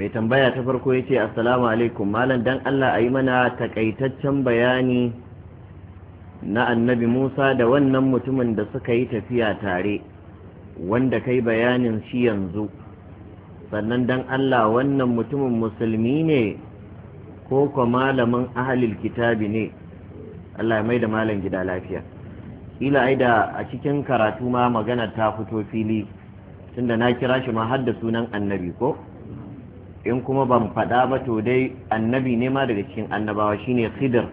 mai tambaya ta farko ya ce assalamu alaikum malam dan Allah a yi mana takaitaccen bayani na annabi Musa da wannan mutumin da suka yi tafiya tare wanda kai bayanin shi yanzu sannan dan Allah wannan mutumin musulmi ne ko kwa malamin ahalil kitabi ne Allah ya mai da malam gida lafiya ila aida a cikin karatu ma magana ta fito fili tunda na kira shi ma har sunan annabi ko in kuma ban faɗa ba to dai annabi ne ma daga cikin annabawa shine khidr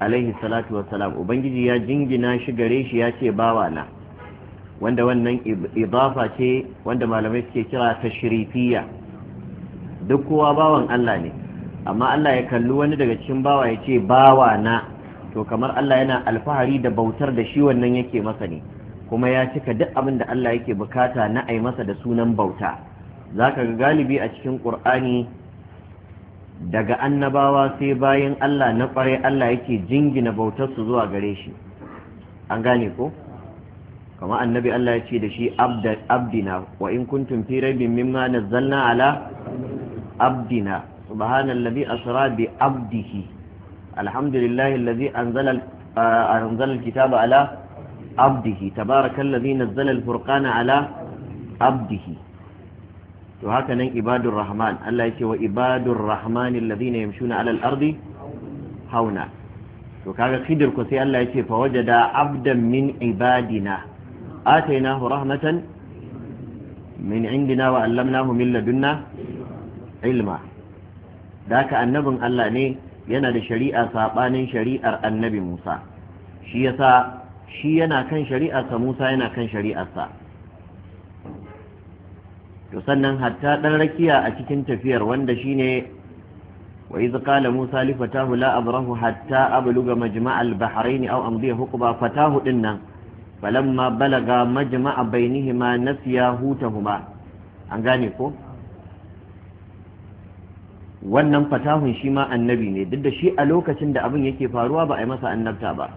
alaihi salatu wassalam ubangiji ya jingina shi gare shi ya ce bawa na wanda wannan idafa ce wanda malamai suke kira tashrifiya duk kowa bawan Allah ne amma Allah ya kalli wani daga cikin bawa ya ce bawa na to kamar Allah yana alfahari da bautar da shi wannan yake masa ne kuma ya cika duk abin da Allah yake bukata na ai masa da sunan bauta za ka galibi a cikin ƙur'ani daga annabawa sai bayan Allah na ƙwarai Allah yake jingina bautarsu zuwa gare shi an gane ko kama annabi Allah ya ce da shi abdina wa in kuntum fi raibin mimma nazzalna ala abdina subhanallazi asra bi abdihi alhamdulillahi allazi anzala uh, anzala alkitaba ala abdihi tabarakallazi nazzala alfurqana ala abdihi to haka nan ibadur rahman Allah ce wa ibadun rahman alladhina yamshuna alal ardi hauna to kaga khidir sai Allah ce fa wajada abdan min ibadina atainahu rahmatan min indina wa allamnahu min ladunna ilma daka annabin Allah ne yana da shari'a sabanin shari'ar annabi Musa shi yasa shi yana kan shari'arsa Musa yana kan shari'arsa to sannan hatta dan rakiya a cikin tafiyar wanda shine wa qala musa li fatahu la abrahu hatta abluga majma' al-bahrayn aw amdiya huqba fatahu dinnan falamma balaga majma' bainihima nasiya hutahuma an gane ko wannan fatahun shi ma annabi ne duk da shi a lokacin da abin yake faruwa ba a yi masa annabta ba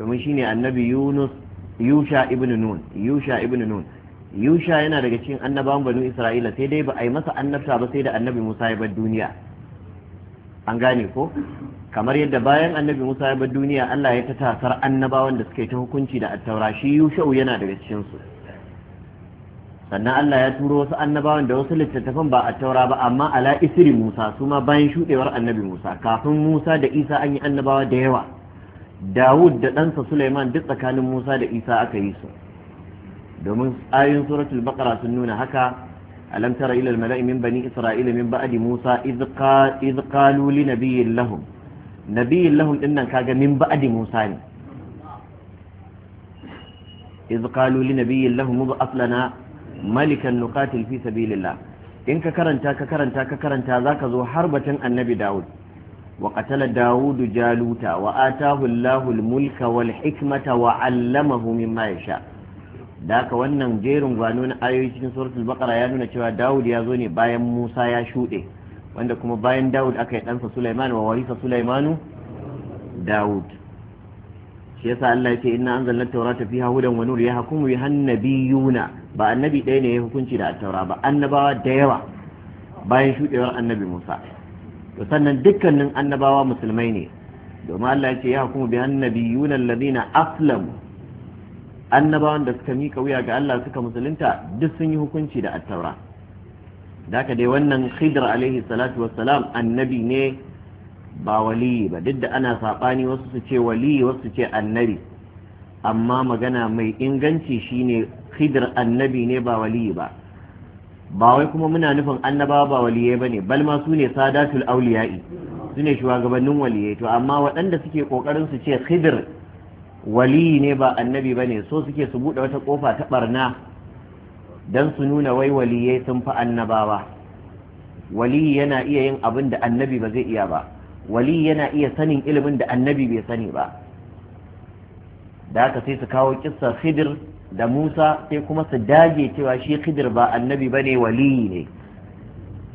domin shine annabi yunus yusha ibn nun yusha ibn nun yusha yana daga cikin annabawan banu isra'ila sai dai ba a yi masa annabta ba sai da annabi musa ya bar duniya an gane ko kamar yadda bayan annabi musa ya bar duniya allah ya ta tasar annabawan da suka yi ta hukunci da attaura shi yusha'u yana daga cikin su sannan allah ya turo wasu annabawan da wasu littattafan ba attaura ba amma ala isri musa su ma bayan shuɗewar annabi musa kafin musa da isa an yi annabawa da yawa dawud da ɗansa suleiman duk tsakanin musa da isa aka yi su domin ayoyin suratul baqara sun nuna haka alam tara ila al mala'i min bani isra'ila min ba'di musa iz qalu li nabiyyin lahum nabiyyin lahum dinnan kaga min ba'di musa ne iz qalu li nabiyyin lahum mub'ath lana malikan nuqatil fi sabilillah in ka karanta ka karanta ka karanta zaka zo har batun annabi daud وقتل داود جالوت وآتاه الله الملك والحكمة وعلمه مما يشاء da haka wannan jerin gwano na ayoyi cikin suratul baqara ya nuna cewa Dawud ya zo ne bayan Musa ya shuɗe wanda kuma bayan Dawud aka yi ɗansa Sulaiman wa warisa Sulaimanu Dawud shi yasa Allah ya ce inna anzalna tawrata fiha hudan wa nur yahkumu biha annabiyuna ba annabi ɗaya ne ya hukunci da taura ba annabawa da yawa bayan shuɗewar annabi Musa to sannan dukkanin annabawa musulmai ne domin Allah ya ce ya yahkumu biha annabiyuna alladhina aslamu annabawan da suka mika wuya ga Allah suka musulunta duk sun yi hukunci da attaura da haka dai wannan khidr alaihi salatu wassalam annabi ne ba wali ba duk da ana saɓani wasu su ce waliyi wasu su ce annabi amma magana mai inganci shine khidr annabi ne ba wali ba ba wai kuma muna nufin annabawa ba waliyai ba ne bal su ne sadatul auliya'i su ne shugabannin waliyai to amma waɗanda suke ƙoƙarin su ce khidr wali ne ba annabi ba ne so suke su buɗe wata ƙofa ta ɓarna don su nuna wai waliyai sun fi annabawa wali yana iya yin abin da annabi ba zai iya ba wali yana iya sanin ilimin da annabi bai sani ba da haka sai su kawo kisa khidir da musa sai kuma su dage cewa shi khidir ba annabi ba ne waliyi ne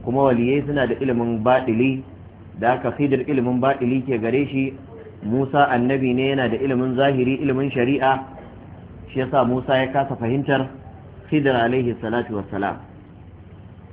kuma waliyai suna da ilimin baɗili da haka khidir ilimin baɗili ke gare shi Musa annabi ne yana da ilimin zahiri ilimin shari'a shi yasa Musa ya kasa fahimtar Khidir alaihi salatu wassalam